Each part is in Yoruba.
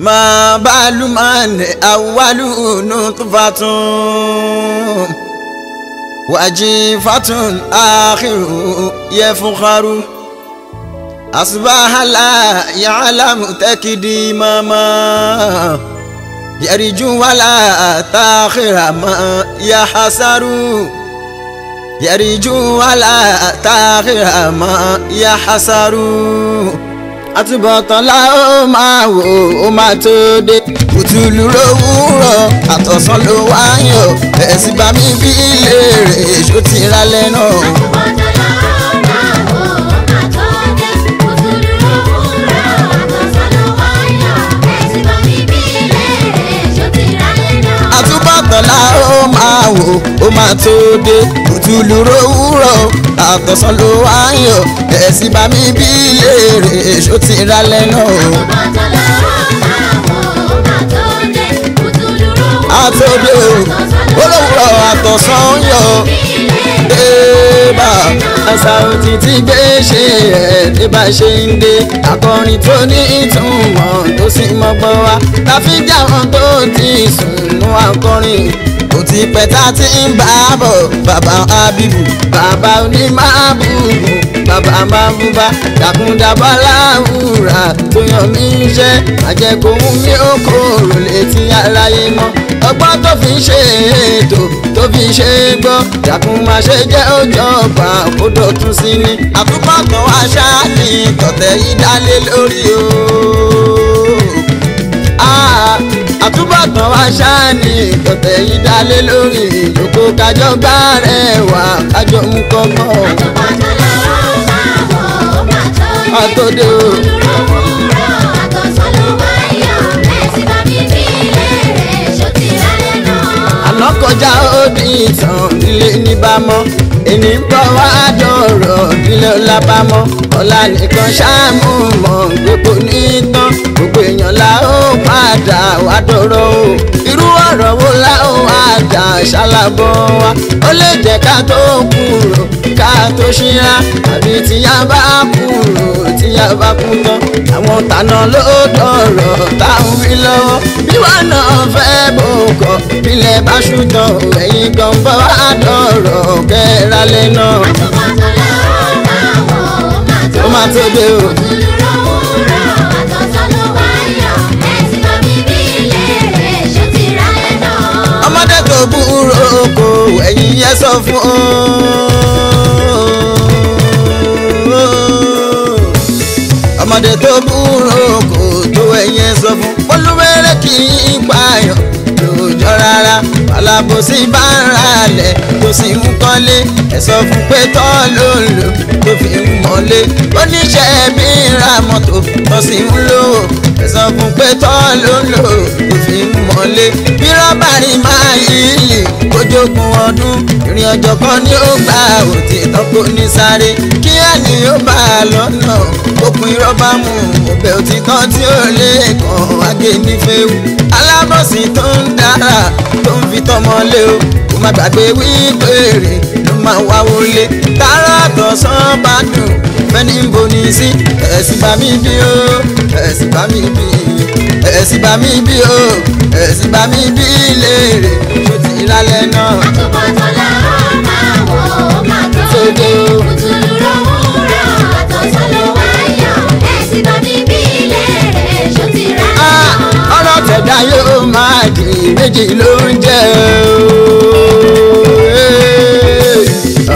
ما بال أن أول نطفة وأجيفة آخر يفخر أصبح لا يعلم تكديما ما يرجو ولا تاخر ما يحسر يرجو ولا تاخر ما يحسر àtúbọ̀tán la ó máa wò ó máa tó dé. kùtùlù lówùúrọ̀ àtọ̀sán ló wáyọ̀ ẹ̀ sì bá mi bí ilé rẹ̀ ti ra lẹ́nu. ó máa wò ó máa tó dé òtúlù rówúrọ̀ àtọ̀sán ló wá yàn ẹ̀sìn bá mi bí léèrè èso ti ra lẹ́nu o. àtòdè o olówùrọ̀ àtọ̀sán yàn bá àṣà òtí tí gbé ṣe ẹ̀ ní bá ṣe ń dé akọrin tó ní ìtumọ̀ tó sì mọ́gbọ́n wá láfi jáwọn tó ti sùn mú akọrin kò ti pẹ́ tá ti ń bá bọ̀ bàbá Abibu bàbá onímàbùbù bàbá mábúbá dàkúndàbọ̀ láwùrà tó yàn mí iṣẹ́ àjẹkòhun mi ò kò rò létí aláyé mọ́ ọgbọ́n tó fi ṣe ètò tó fi ṣe é gbọ́ dàkún má ṣe jẹ́ ọjọ́ ọgbà ó dọ̀tún sí ni àtúbọ̀ kan wá ṣáà ní tọ̀tẹ̀ yìí dálé lórí o ah, àtúbọ̀tán wa ṣáàní ìkọ̀tẹ̀ yìí dálé lórí ìjókòó kájọ gbá rẹ̀ wá kájọ mú kọ́kọ́. àtúbọ̀tán lọ́rọ̀ sáà wọ̀ ó bàtọ́ yìí àtòdè o. olùrànwọ́ rọ àtọ̀sán. kọjá ó ní ìtàn ìdílé níbàámọ̀ èní ń bọ̀ wá dọ̀rọ̀ ìdílé ọlábàámọ̀ ọ̀la nìkan ṣáàmù mọ̀ gbogbo nìtàn gbogbo èèyàn la ó padà wá dọ̀rọ̀ o irú ọ̀rọ̀ wo la ó àjà ṣàlàbọ̀ wa ó lè jẹ́ ká tó kúrò ká tó ṣíra àbí tíyá bá kúrò abakun tán àwọn tàná ló tọrọ táwọn fi lọ́wọ́ bí wàá náà fẹ́ bò kọ́ ilẹ̀ bá ṣùtàn ẹ̀yìn gan bọ́ wá tọrọ kẹ́ralẹ̀ náà. ó máa tó dé o. ọmọdé kò búrò kò ẹ̀yìn yẹn sọ fún un. ọmọdé tó búrò kò tó ẹyẹ sọ fún olúwẹrẹ kì í pààyàn jọ rárá alábòsí bá ń ra lẹ̀ tó sì ń kọ́lé ẹ̀ sọ fún pé tọ́ ló ń lò tó fi ń mọ́lé oníṣẹ́ mi ń ra mọ́tò tó sì ń lò ẹ̀ fún pé tọ́ ló ń lò tó fi ń mọ́lé bí rọ́bà ni máa yí lè kójógun ọdún ìrìn ọjọ́ kan ni ó gbà òtítọ́ kò ní sáré kí ẹni ó bá a lọ́nà òkun irọ́ bá mú òtítọ́ tí ó lè kàn ágé nífẹ̀ẹ́ alábọ̀sí tó ń dára wàhálà tó ń fi tọmọ lé o kò má gbàgbé wípé rè ló máa wá wọlé tààrà tọ̀sán bá dùn fẹ́ni ń bo sí ẹ̀sìn bá mi bí o ẹ̀sìn bá mi bí ẹ̀sìn bá mi bí o ẹ̀sìn bá mi bí léèrè tó ti lálẹ́ náà. Ah, ọ̀rọ̀ tẹ̀dá yóò máa dì méjì ló ń jẹ́ o.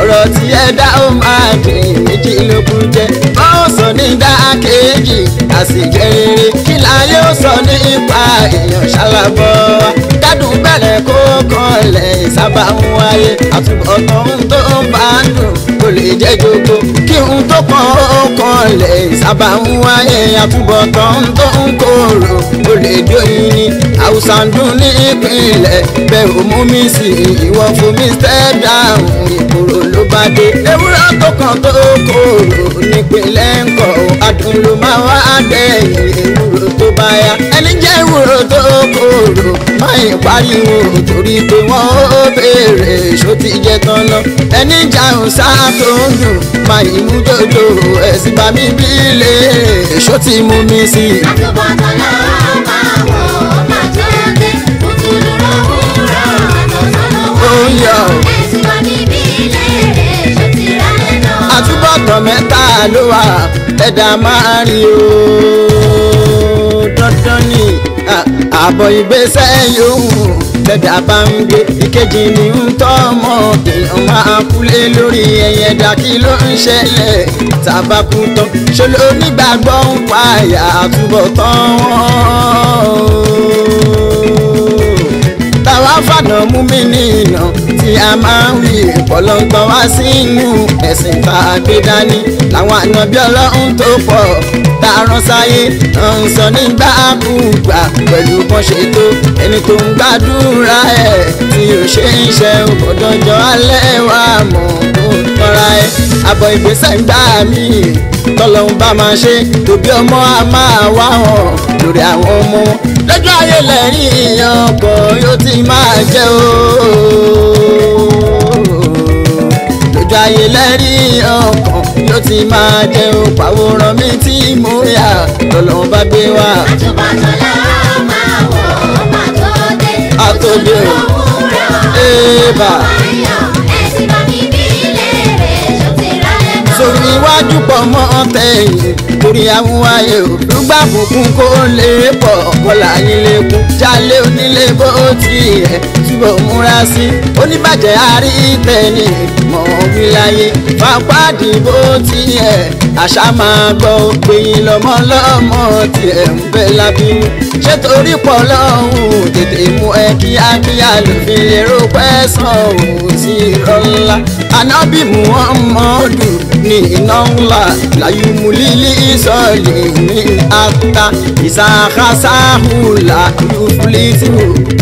ọ̀rọ̀ tí ẹ dá ó máa dín méjì ló kù jẹ́ báwọn sọ ní dákejì àsìjẹ́ rere kí láyé ó sọ nípa èèyàn ṣàlàbọ̀ gbádùn bẹ̀rẹ̀ kó kọlẹ̀ ìsábà ń wáyé àtúbọ̀tán ń tó bá dùn kò lè jẹ́ gbogbo kí n tó kàn ó kọlẹ̀ ìsábà ń wáyé àtúbọ̀tán ń tó ń kóró kò lè jó yìnyín haúsá ń dún ní ìpínlẹ̀ bẹ́ẹ̀ ò mú mi sí ìwọ fún mi stẹ́dàm ìkòrò ló bá dé ewúrẹ́ tó kàn tó kóró nípínlẹ̀ ń kọ́ adùn ló máa wá dẹ́yìn ewúro tó bá yá ẹni jẹ́ ewúro tó kóró pariwo torí pé wọ́n ó béèrè ṣó ti jẹ tán lọ. ẹni jàun sáà tó ń dùn máa yìí mú jòjò ẹ̀sìn bá mi bí lè ṣó ti mú mi sí àtúbọ̀tán mẹ́ta ló wà ẹ̀dá máa rìn o. àbọ̀ ìgbésẹ̀ yòówù tẹ̀dá bá ń gbé ìkejì ní ń tọ́ ọmọ èèyàn máa kúlé lórí ẹyẹ dà kí ló ń ṣẹlẹ̀ tàbá kú tán ṣe ló nígbàgbọ́ ń pààyà àtúbọ̀ tán àfànà mú mi nìyàn tí a máa ń wí ìpọ̀lọ́gbọ́ wá sínú ẹ̀sìn tá a gbé dání làwọn ànábí ọlọ́run tó pọ̀ tá a rán sáyé ń sọ nígbà kúgbà pẹ̀lú bọ́n ṣe ẹni tó ń gbàdúrà ẹ̀ tí ò ṣe ń ṣe òkòdọ́jọ́ alẹ́ wa mọ̀ tọ́ra ẹ̀ àbọ̀ ìgbésẹ̀ ń gbà tọ́lọ́hún bá máa ṣe tòbí ọmọ a máa wá hàn lórí àwọn ọmọ wọn lọ́jọ́ ayé lẹ́rìn èèyàn pọ̀ yóò ti máa jẹ́ o. lọ́jọ́ ayé lẹ́rìn èèyàn pọ̀ yóò ti máa jẹ́ o. pàwòrán mi tí mo yà lọ́lọ́run bá gbé wá. àtúbọ̀tán la máa wọ̀ ọ́ máa tó dé. àtòdè o. èèbà. ẹ̀sìn bá mi bí ilé rẹ̀ ṣó ti rálẹ̀ náà. sórí iwájú pọ̀ mọ́ tẹ̀yìn torí àwọn ayé ò lùgbà kúnkún kó lè pọ̀ kọ́lá yín lè kú jálé onílé bó ti yẹ túbọ̀ múra sí oníbàjẹ́ àrí tẹ̀lé mọ̀ wí láyé fapáàdì bó ti yẹ àṣà máa gbọ́ gbẹ̀yìn lọ́mọ tiẹ̀ ń bẹ lábínú ṣé torí pọ̀ lọ́hùn tètè mú ẹ kíákíá ló fi lè rò sàn òun sí irọ́ ńlá ànábì mú wọn mọ́ dùn ni iná ńlá láyé múlílí ìsọ̀lì mi àtà ìsàkásáhùlà yúfúlítù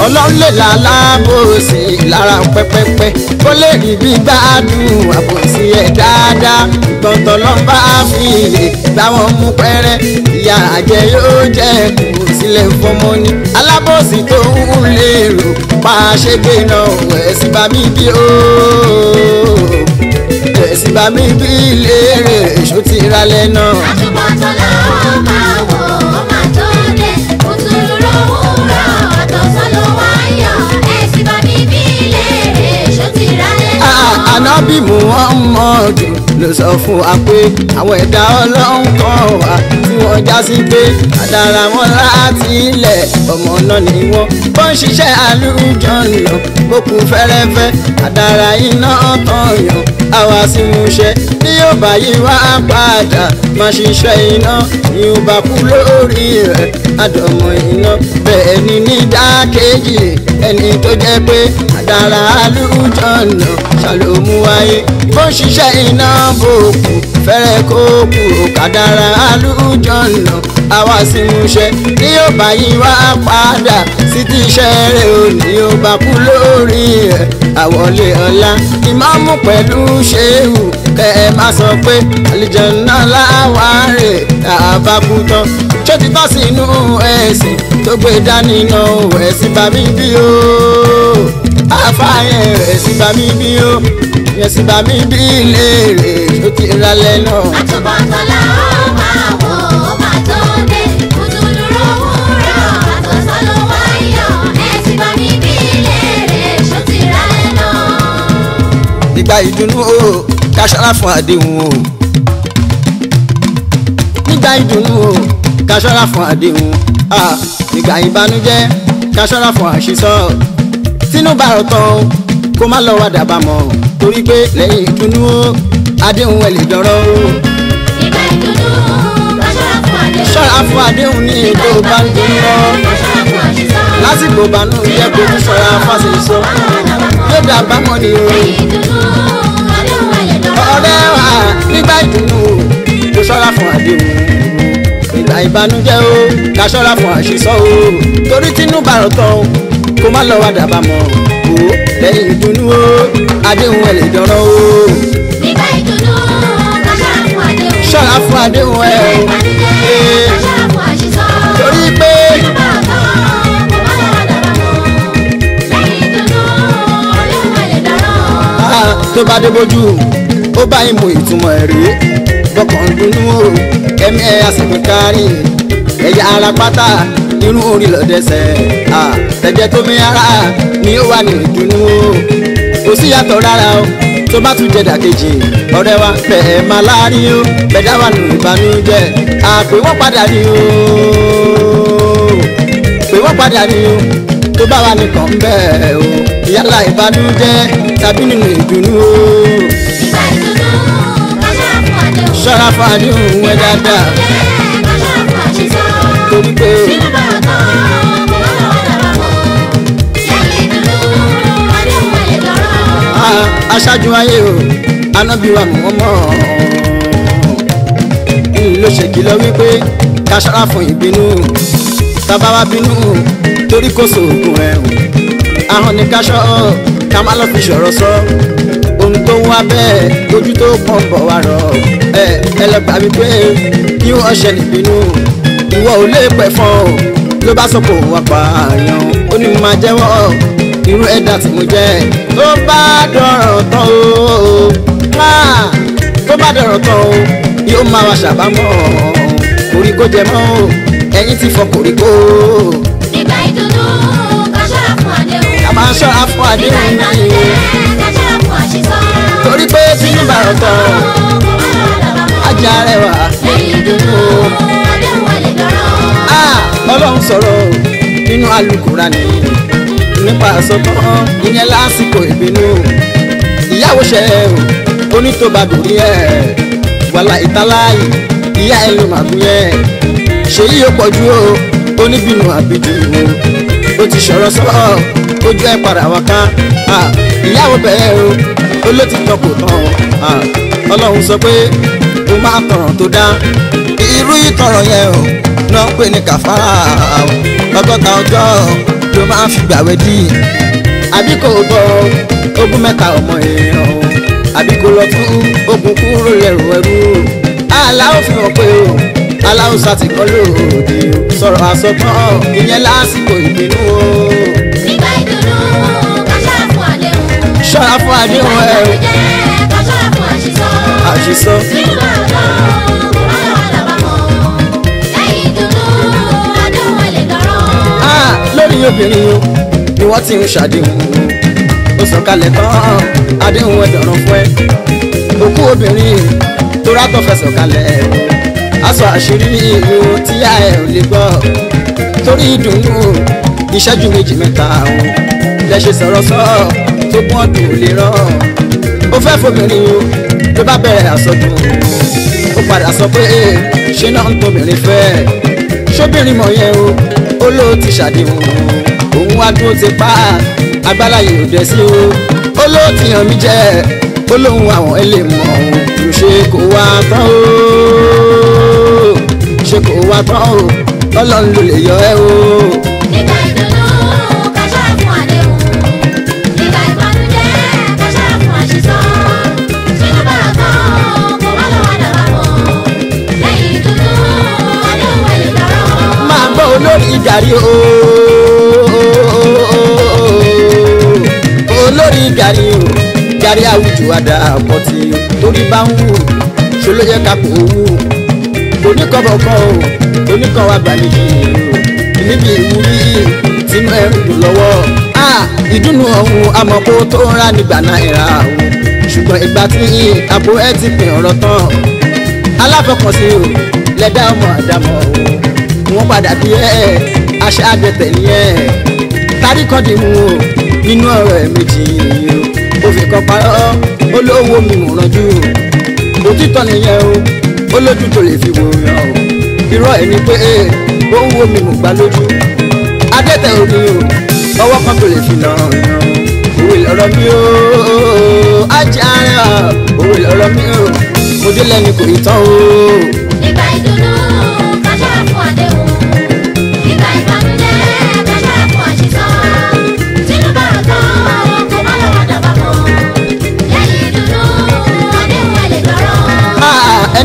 ọlọ́lẹ̀lá lábòsí lára pẹ́pẹ́pẹ́ kó lè rí bí gbádùn àbòsí ẹ̀ dáadáa gbọ̀ntàn lọ́ba àfihàn gbáwọn mú pẹ́rẹ́ ìyá àjẹ yóò jẹ́ kù sílẹ̀ fọmọ ni alábòsí tó ń lérò pa ṣégbé náà ẹ̀sìn bá bí ó rẹ̀ sì bá mi bí ilé rẹ̀ èso ti ra lẹ́nà. àtúbọ̀ tó la ó máa wò ó máa tó dé bí ilé rẹ̀ èso ti ra ló sọ fún wa pé àwọn ẹ̀dá ọlọ́run kan wà tí wọ́n já sí pé àdára wọn láti ilẹ̀ ọmọ náà ni wọ́n bó ń ṣiṣẹ́ àlùjọ̀nà ó kú fẹ́rẹ́fẹ́ àdára iná tọ̀yàn àwa sì múṣẹ́ bí yóò bá yí wá padà má ṣiṣẹ́ iná ni ó bá kú lórí rẹ̀ àdọ̀mọ̀ iná bẹ́ẹ̀ ni nídàkejì ẹni tó jẹ́ pé àdára àlùjọ̀nà ṣàlómú wáyé bó ń ṣiṣẹ́ iná bòkù fẹ́rẹ̀ kó kù kádàrá àlùjọ̀nà àwa sì múṣẹ ní yóò bá yí wá padà sí ti iṣẹ́ rẹ̀ ò ní yóò bá kú lórí ẹ̀ àwọlé ọ̀la ìmáàmù pẹ̀lú ṣéwù kẹ ẹ má sọ pé àlùjọ̀nà láwárè àbákútọ́ ṣó ti tọ́ sínú ẹ̀sìn tó gbé dání náà ẹ̀sìn bá mi bí o àfáàyàn ẹ̀sìn bá mi bí o yẹn sì bá mi bí léèrè tó ti ralẹ̀ náà. àtúbọ̀tọ̀lá ó máa wò ó máa tó dé kùtù dúró wúrà àtọ̀sọ́ ló wáyọ̀ ẹ̀ sì bá mi bí léèrè tó ti ralẹ̀ náà. ìgbà ìdùnnú o ká ṣọ́ra fún àdéhùn o nígbà ìdùnnú o ká ṣọ́ra fún àdéhùn ah, ìgbà ìbànújẹ́ ká ṣọ́ra fún àṣìṣọ́ tínú bá kó má lọ wá dàbà mọ́ torí pé lẹ́yìn ìdùnnú ó àdéhùn ẹ̀ lè dọ̀rọ̀ o. ìgbà ìdùnnú ó ṣọ́ra fún àdéhùn. ṣọ́ra fún àdéhùn ní ètò bá ń dùn lọ. lásìkò bànú yẹ kó tún ṣọ́ra fásin sọ. yóò dàbà mọ́ ni o. ọ̀rẹ́ wa nígbà ìdùnnú ó ṣọ́ra fún àdéhùn ìgbà ìbànújẹ́ o ká ṣọ́ra fún àṣìṣọ́ o torí tínú bàrọ̀ tán kó má lọ wá dàbà mọ́ wò ó lẹ́yìn ìdùnnú o àdéhùn ẹ̀ lè dọ̀rọ̀ o. nígbà ìdùnnú ká ṣọ́ra fún àdéhùn. ṣọ́ra fún àdéhùn ẹ̀ o. nígbà ìbànújẹ́ ká ṣọ́ra fún àṣìṣọ́. torí pé. nígbà ah, tó bá dé bójú ó bá ìmọ̀ ìtumọ̀ ẹ̀rí bọ́kàn dùnú o ẹ̀mí ẹ̀ àsìkò kárí ẹ̀yà ara pátá onírú orin lọ́dẹ̀sẹ̀ ẹ̀jẹ̀ tó mi ara ni ó wà ní ìdùnnú kò sí yàtọ̀ rárá o tó bá tún jẹ dàkejì ọ̀rẹ́ wa bẹ̀ẹ̀ máa láàrin o bẹ̀dá wà nù ìbànújẹ́ àpè wọ́n padà ní o pè wọ́n padà ní o tó bá wà nìkan bẹ́ẹ̀ o yálà ìbànújẹ́ tàbí nínú ìdùnnú o. ṣọ́ra fún àdéhùn ṣọ́ra torí pé. sílùbà kan mo lọ lọ́wọ́ mọ́ sẹ́yìn dúdú ọdẹ wọlé lọ́rọ́. aṣáájú ayé o anábìwà mọ̀ wọ́n mọ̀ ló ṣe kìlọ̀ wípé ká ṣọ́ra fún ìbínú tábà wá bínú torí kò sóògùn ẹ̀ ahọ́n ní ká ṣọ́ ká má lọ fi ṣọ̀rọ̀ sọ ohun tó ń wá bẹ́ẹ̀ lójú tó pọ̀ ń bọ̀ wá rọ̀ ẹ ẹlẹ́gbàá wípé kí wọ́n ṣẹlẹ̀ bínú ìwọ ò lè pẹ̀ fọ́n o ló bá sọ̀kò apààyàn ó ní máa jẹ́wọ́ irú ẹ̀dá tí mo jẹ́ tó bá dọ̀rọ̀ tán o tó bá dọ̀rọ̀ tán o yóò máa wá ṣàbámọ̀ koríko jẹ mọ́ o ẹ̀yin ti fọ koríko. nígbà ìdùnnú ká ṣọ́ra fún àdéhùn. ká máa ṣọ́ra fún àdéhùn. nígbà ìbànújẹ́ ká ṣọ́ra fún àṣìṣọ́. torí pé sínú bàrọ̀ tán ajá rẹwà lẹ́yìn ìdùnnú ọlọ́run sọ̀rọ̀ nínú alukurani nípa àsọtán ìyẹn lásìkò ìbínú ìyàwó ṣe ẹ o onítòbàdùn yẹ wàlà ìtàláyì ìyá ẹ ló màgùn yẹ ṣèyí yóò pọ̀jù o oníbìnú àbíjú o ó ti sọ̀rọ̀ sọ́ọ̀ ojú ẹ padà wá ká ìyàwó bẹ̀rẹ̀ o olótìtọ́ kò tán ọlọ́run sọ pé mo máa tọ̀ràn tó dá irú ìtọrọ yẹn o náà pè ní kàfárà ọgọ́ta ọjọ́ ló máa ń fi gbàwé dì àbí kò gbọ́ ogún mẹ́ta ọmọ èèyàn o àbí kò lọ tún ogun kúrò lẹ́rù ẹrú aláwọ̀ fi hàn pé o aláwọ̀ sátìkọ́ lòdì sọ̀rọ̀ àsọgbọ́n ìyẹn lásìkò ìbínú o. nígbà ìdùnnú ká ṣọ́ra fún àdéhùn. ṣọ́ra fún àdéhùn ẹ ká ṣọ́ra fún àṣìṣọ́. àṣìṣọ́. lórí obìnrin o ni wọ́n ti ń ṣàdéhùn o sọ̀kalẹ̀ tán àdéhùn ẹ̀dọ̀ràn fún ẹ òkú obìnrin tó rákọ̀ fẹsọ̀ kalẹ̀ aṣọ àṣírí ìlú tíyà ẹ̀ ò lè gbọ́ torí ìdùnnú ìṣẹ́jú méjì mẹ́ta lẹ ṣe sọ̀rọ̀ sọ tó pọ̀ tó lè rán ó fẹ́ fobìnrin o ló bá bẹ̀rẹ̀ àsọdùn ó padà sọ pé ṣé náà ń tobìnrin fẹ́ ṣóbìnrin mọ̀ yẹn o. Olo ti ṣàdéhùn òun wá dúró ti pa agbáláyé òde sí o Olo ti hàn mí jẹ ó lóhun àwọn ẹlẹ́mọ̀ ọ̀hún kò ṣe kó wá tán o ṣe kó wá tán o ọlọ́run ló lè yọ ẹ́ o. gàrí o olórí gàrí o gàrí àwùjọ àdá àpọ̀tì torí bá ń wù ṣe ló yẹ ká kó wù oníkọ̀bọ̀ kan o oníkọ̀wá gbàlejò o níbi ìwúrí tínú ẹ̀ ń dùn lọ́wọ́ ìdùnnú ọ̀hún amọ̀kó tó ń rà nígbà náà ìrà o ṣùgbọ́n ìgbà tí yín àbò ẹ ti pín ọ̀rọ̀ tán aláfọkànsí o lẹ́dá ọmọ àdámọ̀ o wọ́n padà bí ẹ aṣá àgbẹ̀tẹ̀ ni ẹ tàbí kan dì mú o nínú ọ̀rọ̀ ẹ̀ méjì yìí o ó fi kan parọ́ ó mi mò rànjú o òtítọ́ nìyẹn o ó tó lè fi wò yàn o irọ́ ẹ̀ ni pé ó ń wo mi mò gbá lójú adẹ́tẹ̀ ò o ọwọ́ kan tó lè fi nà yàn òwe lọ́rọ̀ mi o ajá òwe lọ́rọ̀ mi o mo délẹ̀ ni kò ì tán o. nípa ìdùnnú.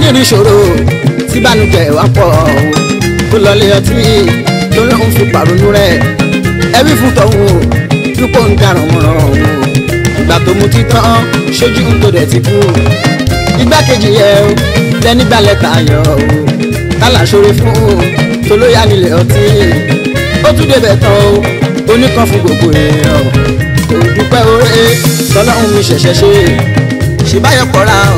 ẹni rí ṣòro tí bánújẹ́ wá pọ̀ kó lọlé ọtí tó lóun fi pàrọ̀nù rẹ̀ ẹbí fún tọ̀hún o dúpọ̀ ń daràn mọ̀ràn o ìgbà tó mu títán ṣojú ń tó dẹ̀ ti kú igbákejì yẹ o lẹ́ni gbalẹ̀ tààyàn o kálá ṣoore fún o tó ló yá nílẹ̀ ọtí ó tún débẹ̀ tán o oníkan fún gbogbo èèyàn kò dúpẹ́ oore tọ́lọ́hún mi ṣẹ̀ṣẹ̀ ṣe ṣèbáyọ̀ kọ́ra o.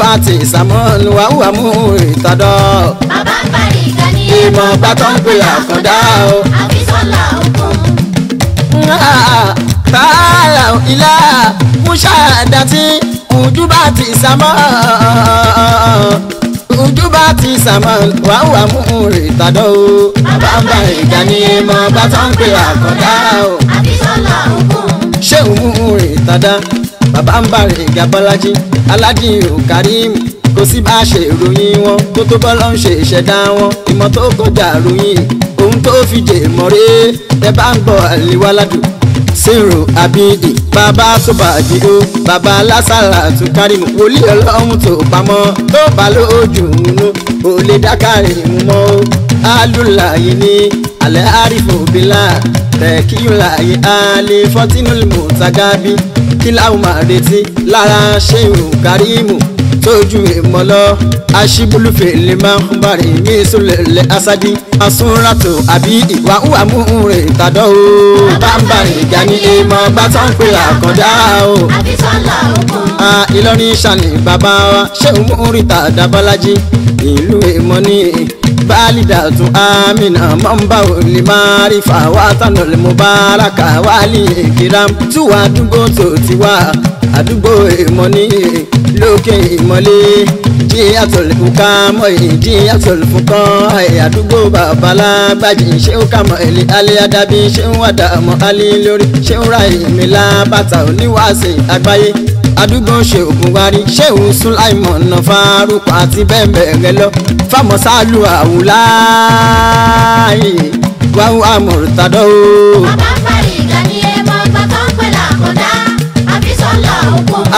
bàtì sàmọ́ọ̀nù wàhùwà mú ìtọ́dọ̀. bàbá ń parí ìkànnì ẹ̀ ìmọ̀ ọ̀gbà tó ń pè àkàndá o. àfisọ́lá òkun. tààlà ilá musa dàtí ùjúbà ti sàmọ́ ùjúbà ti sàmọ́ wàhùwà mú ìtọ́dọ̀ o. bàbá ń parí ìkànnì ẹ̀ ìmọ̀ ọ̀gbà tó ń pè àkàndá o. àfisọ́lá òkun. ṣé òun mú ìtọ́dá bàbá ń parí ìgbà bọ́lájí aládìí ò kárí mi kò sí bá ṣe ròyìn wọn tó tó bọ́lọ́ ń ṣe ìṣẹ̀dá wọn ìmọ̀ tó kọjá ròyìn ohun tó fi jè mọ́rẹ́ tẹ bá ń gbọ́ àlewáládùn sèrò àbíyì bàbá tó bàjẹ́ o bàbá lásàlà tún kárí mu wòlíì ọlọ́run tó pamọ́ tó bá lójú nù ó lè dákàrí mu mọ́ o alùláyé ní alẹ́ àrífò bílà tẹ̀kíyùláyé alẹ́ fọ́tínú mùtàgábí kí láwọn máa retí lára Ṣeun Karimu tójú ìmọ̀lọ́ aṣíbúlùfẹ́ lè máa ń bari mí sólè lẹ asadi asúnratò àbí ìwà ń wà mú un rè tàdọ́ o. bàbá ìjà ní ìmọ̀ bá tán pé àkàndá o. àbísọ́lá òkun. Ìlọrin ṣàní bàbá wa ṣé òun mú un rí tàdá bọ́lájí ìlú ìmọ̀ ní balidatu amina mamba oli marifa wa tanol mubaraka wali kiram tuwa dugo to tiwa àdúgbò ìmọ̀ní lókè ìmọ̀lé jí àtọ̀lẹ̀kùn ká mọ̀ èyí jí àtọ̀lẹ̀kùn kan ẹ̀ àdúgbò babalá gbàjì ṣé ó kà mọ̀ èlé alẹ́ adábí ṣé ń wàdà mọ̀ alẹ́ lórí ṣé ń ra ìmìlá bàtà oníwàásì àgbáyé àdúgbò ṣe ògùn wárí ṣéun sulaimon na faruk àti bẹ́ẹ̀ bẹ́ẹ̀ rẹ lọ fámọ́sálù àwùláyé wàhùn àmọ̀rùtàdọ́ o.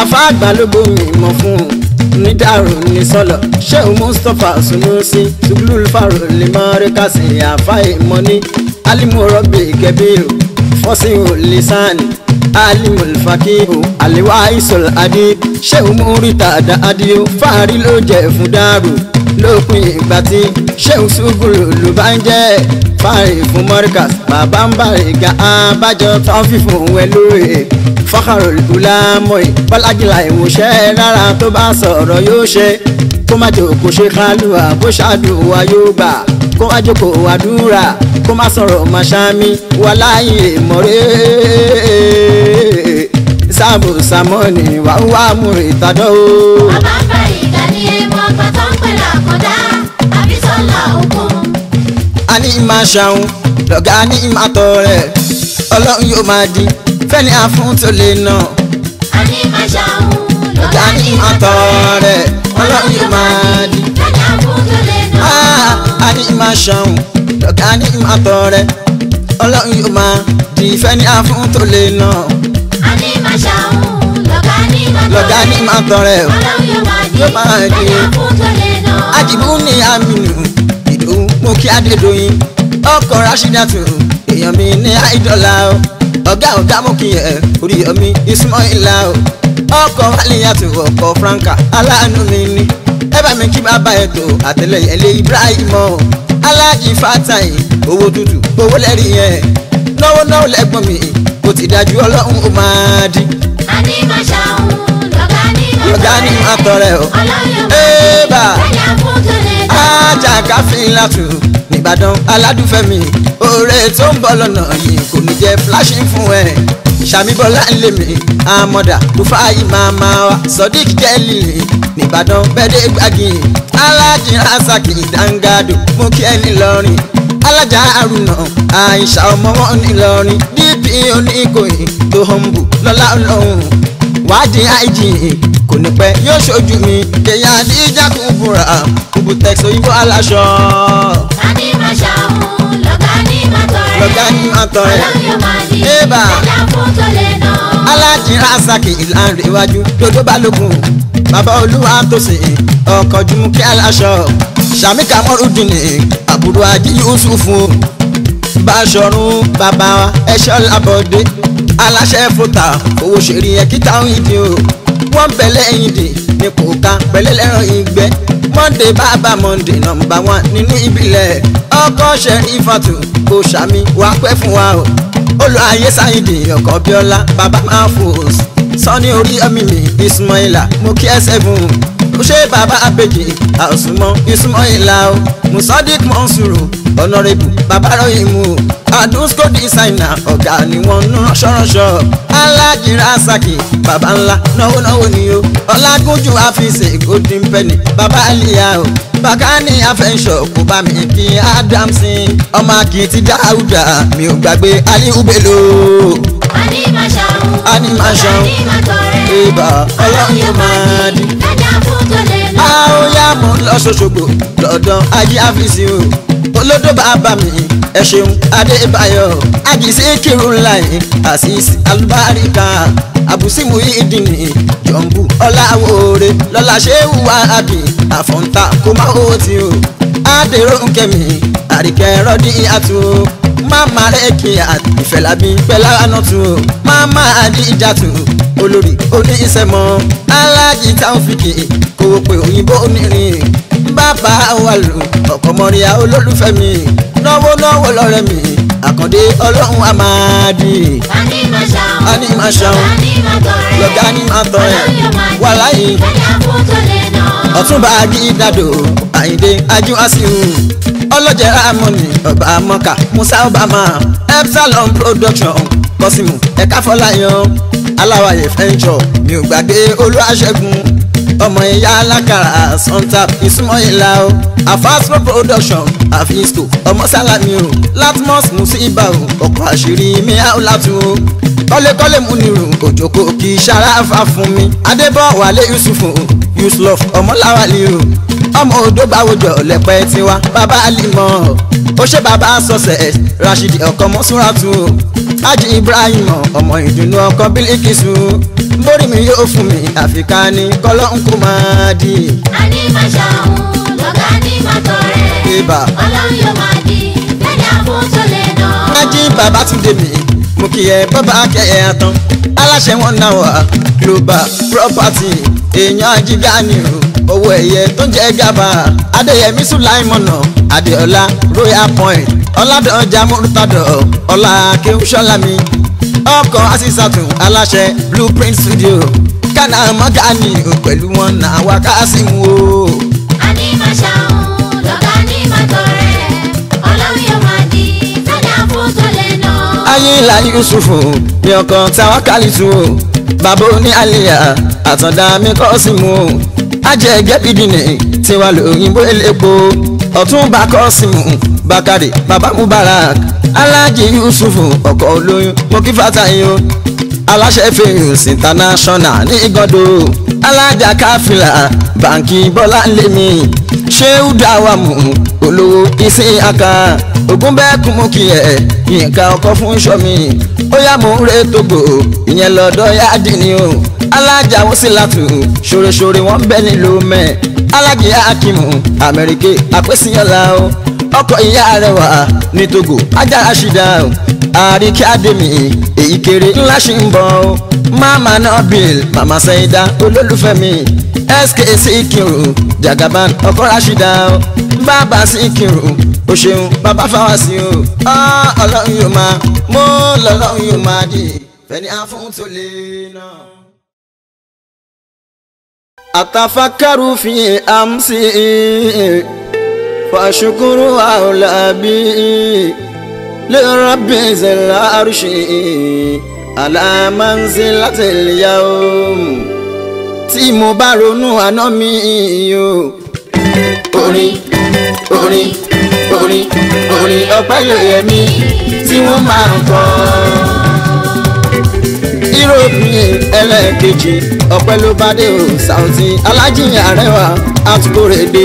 afáàgbà ló gbóhùn ìmọ̀ fún un nídàrú ní sọlọ sheu mustapha sunusi tubulul faro limarikasi àfáì mọ́ni alimorobi kẹbíru fọ́síhù lisani alimul fakihu aliwaisul adi sheu murita da adiyo fàárí ló jẹ fún dàrú lópin ìgbà tí sheu sugulu ló bá ń jẹ́ fáre fún mọ́ríkàs bàbá ń bá ìgà abájọ tán fífún òun ẹ lóore fọ́kàrò ìdúlá mọ́ì bọ́lájìlá ìwòṣẹ́ rárá tó bá sọ̀rọ̀ yóò ṣe kó má jòkó ṣe kálùwà bó ṣàdùwà yóò gbà kó má jòkó àdúrà kó má sọ̀rọ̀ má ṣámi wà láàyè mọ́rẹ́ sáàbò sàmọ́ọ̀nì wàá wá mú ìtàdọ́ o. bàbá ń bá ìgà ní epo ọgbà tó ń àbí sọ́lá òkun ní máa ṣàwọn lọ́gà ní máa tọ̀ rẹ̀ ọlọ́run yóò máa di fẹ́ni àfún tó lè nà. a ní máa ṣàwọn lọ́gà ní máa tọ̀ rẹ̀ ọlọ́run yóò máa di fẹ́ni àfún tó lè nà. a ní máa ṣàwọn lọ́gà ní máa tọ̀ ọlọ́run yóò máa di fẹ́ni àfún tó lè nà. a ní máa ṣàwọn lọ́gà ní máa tọ̀ ọlọ́run yóò máa di fẹ́ni àfún tó lè nà. àjìbú ni àmì nù mo kí adédoyin ọkọ̀ rashidatu èèyàn mi ní àìdọ́là o ọ̀gá ọ̀gá mo kí ẹ orí omi ismaila o ọkọ̀ wálíyàtò ọkọ̀ franca aláàánú mi ní ẹ bá mi kí bàbá ètò àtẹlẹyìn lé ibrahim o aláàjì fatai owó tútù owó lẹ́rìí yẹn náwó náwó lẹ́gbọ̀n mi kò ti dájú ọlọ́run ó máa dín. a ní màṣá òun ọ̀gá ni máa tọrẹ o. ẹ̀ẹ́bà Àjàká Fílàtù nìbàdàn aládùfẹ́ mi oore tó ń bọ̀ lọ́nà yìí kò ní jẹ́ flashing fún ẹ sàmìbọ́lá ńlẹ̀ mi àmọ́dà rúfáyì màmá wa sodiq jẹ́lìlì nìbàdàn bẹ́ẹ̀dẹ́ gbági alájì rasaki dangado mú kí ẹ nílọrin alájà àrùnà àìsà ọmọ wọn nílọrin dp oníkòyí tó hàn bù lọ́lá ọlọ́run wádìí IG kò ní pẹ́ yóò ṣojú mi kẹyà àdíjà kún fúnra kubutex oyinbo aláṣọ. tani máa ṣàhùn lọ́gá ní màtọ́ rẹ̀ lọ́gá ní màtọ́ rẹ̀ ọlọ́run yóò máa ní ẹ̀dá fún tó lè nà. aláàjì rasaki ìlànà iwájú dodo balógun bàbá olúwa tòsìn ọkọ̀ jùmùkẹ́ aláṣọ sami kamorudin àbúrò ají yusufu báṣọ̀run bàbá ẹ̀ṣọ́ làbọ̀dé aláṣẹ fòtà owó ṣèrí yẹn kí táwọn ìdí o wọ́n bẹ̀lẹ̀ ìdí ní kò ká pẹ̀lẹ́ lẹ́rọ ìgbẹ́ monday bàbá monday nọmba one nínú ìbílẹ̀ ọkọ ṣẹ̀rí fàtò kò ṣàmì wà pẹ́ fún wa o olùhàyè sáyidì ọkọ bíọ́lá bàbá máa fò sọ ní orí ọmí mi ismaila mo kí ẹ sẹ́fún ó baba bàbá àbèjì àsùnmọ́ Ismaila o Musadik Monsuru Honorable babaroyimu adusco designer ọ̀gá ni wọ́n ń ránṣọ́ránṣọ́ alájì rasaki bàbá ńlá náwó náwó ni o ọlágúnjú àfíìsì golden penny bàbá aliya o bàkánì àfẹ́ǹṣọ̀ kò bá mi kí adamsin ọmọ akitì dáúdà mi ò gbàgbé aliu bello. àní màṣá animation ibà ọlọ́run yóò máa di. a ó yá mú lọ sọ́sọ́gbò lọ́dọ̀ ajé àfíìsì o olódò bàbá mi ẹ ṣeun adébáyọ̀ àjìsí kírun láì àṣìṣì alùbáríkà àbùsímù ìdìní jọ̀ǹbù ọ̀làwòrè lọ́la ṣéwù wá àbí àfọ̀ǹta kò má ó ti o àdèrò kẹmí àríkẹ́ rọ́dí àtúntò mama rẹ́kìn àtìfẹ́lábí pẹ̀lá anọ́tù mama adíjàtù olórí oníṣẹ́mọ́ aláàjì táwọ̀fìkì kówó pé òyìnbó onírin bàbá wàlù ọ̀pọ̀ mọ́ríà olólùfẹ́ mi náwó náwó lọ́rẹ́ mi àkàndé ọlọ́run a máa dì. ani ma ṣan ani ma ṣan lọ́gà ni ma tọ́ ẹ̀ wà láyé ọ̀túnba ajídàdò àyíndé ajú àsìwò ọlọ́jẹ̀ amúni ọba amọ́ka musa obama epsilon production kọ́símù ẹ̀ka fọláyan aláwàyè fẹ́ńtọ̀ mi ò gbàgbé olúwaṣẹ́gun ọmọ ìyá alákàrà suntap ìsúmọ̀yìnlá o afasro production àfihàn ọmọ sálámì o latmus musiba o ọkọ̀ àṣírí mi àwòlátú o kọ́lékọ́lé mú nírú òjòkó kì í ṣara fà fún mi adébọ̀wálé yusufu yusuf ọmọláwálé o ọmọ odò gbàwòjọ lẹ́pẹ́ tiwa bàbá àlìmọ́ ó ṣe bàbá sọ̀sẹ̀ Rashidi ọkọ mọ́súrátù Haji Ibrahim ọmọ ìdùnnú ọkọ Bílíkìsù bórí mi yóò fún mi àfikà ní kọ́lọ́hún kò máa dì. a ní máa ṣàhùn lọ́gá ní màtọ́ rẹ̀ ọlọ́run yóò máa ají bàbá tún dé mi mo kì í ẹ bàbá kẹyẹ àtàn aláṣẹ wọn náà wà global property èèyàn ajígá ni o owó ẹ̀yẹ tó ń jẹ́ gàba adéyẹmí sùláìmọ̀nà adéọlá royal point ọládọ̀ọ́jà mọ́rútàdọ̀ ọlá akéwúṣọ́lá mi ọkọ̀ asísàtù aláṣẹ blueprint studio kánà mọ́gàánì pẹ̀lú wọn náà wákàsí mu o. a ní máa ṣàwọn. ayéla yusufu ní ọkọ táwọn kálítù bàbá oní àlìyà àtàndá mi kọ́ sí mu ajẹ́ gẹ́bìdìní tiwa lóyìnbó elépo ọ̀túnba kọ́ sí mu bakari baba mubarak alhaji yusufu ọkọ̀ olóyún mokifata yìí aláṣẹ fèrèsì international ní ìgọ́dọ̀ alájà káfílà bàǹkì bọ́lá lèmi ṣéwù dáwà mú olówó isi aka ogun bẹ́ẹ̀ kún mú kí ẹ nǹkan ọkọ fún sọmi ó yá mú rẹ Togo. ìyẹn lọ́dọ̀ yá dì ní o alájà ó sì látù ṣoreṣore wọn bẹ nílùú mẹ alájì akimu amẹríkè àpèsíyànlá o ọkọ ìyá rẹ wà ní togo ajá aṣídà o àríkí àdèmí èyí kéré ńlá ṣì ń bọ̀ o mama nabil mama saida olólùfẹ́ mi sk sikiru Jagaban ọkọ Rashida o bàbá Síkírù o ṣeun bàbá Fawasi o ah, ọlọ́run yóò máa mú lọ́lọ́run yóò máa dì fẹ́ni àfún tó lè náà. أتفكر في أمسي فأشكر أولى بي لرب ذي العرش على منزلة اليوم tí mo bá ronú àná mi o. orin orin orin orin ọpẹ́ yóò yẹ mí tí wọ́n máa ń kọ́. ìròyìn ẹlẹ́ẹ̀kejì ọpẹ́ ló bá dé o Saoty alájìyàn Arewa àtúkòrèdè.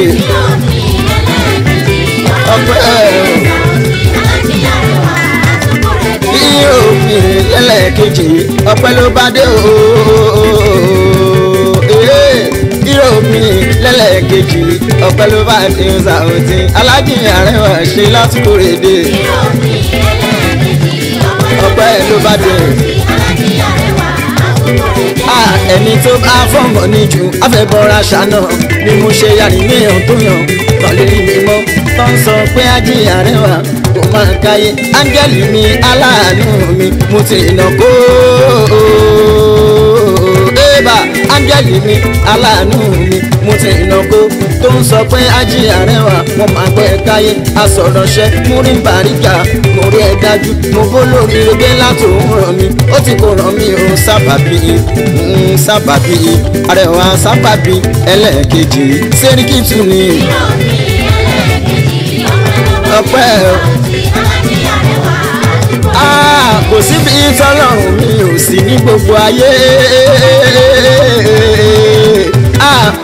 ìròyìn ẹlẹ́ẹ̀kejì ọpẹ́ ló bá dé o Saoty alájìyàn Arewa àtúkòrèdè. ọpẹ́ ló bá dé o lẹ́lẹ́kejì ọpẹ́ ló bá ní sàwùtì alájì àrẹwà ṣe lásìkò rèdè. ọpẹ́ ló bá dé. ẹni tó bá fọ̀mọ̀ ní jù afẹ́bọra ṣáná ni mo ṣe yàrá ìníyàn tó yàn lọ́lẹ́ mi mọ́ tó ń sọ pé ají àrẹwà kò máa káyé áńgẹ́lì mi aláàánú mi mo ti nà kó bàbá ángẹ́lì mi aláàánú mi mo ti ìnàgó tó ń sọ pé ají àrẹwà wọn máa gbẹ káyé asọ̀rọ̀ṣẹ́ mú rí bàríkà mo rí ẹ dájú mo bó lórí ebé látò ń ràn mí ó ti kò ràn mí o sábàbí mm, sábàbí àrẹwà sábàbí ẹlẹ́ẹ̀kejì sẹ́ríkì tù mí. ọpẹ́ o kò síbi tọ́lọ́run mi ò sí ní gbogbo ayé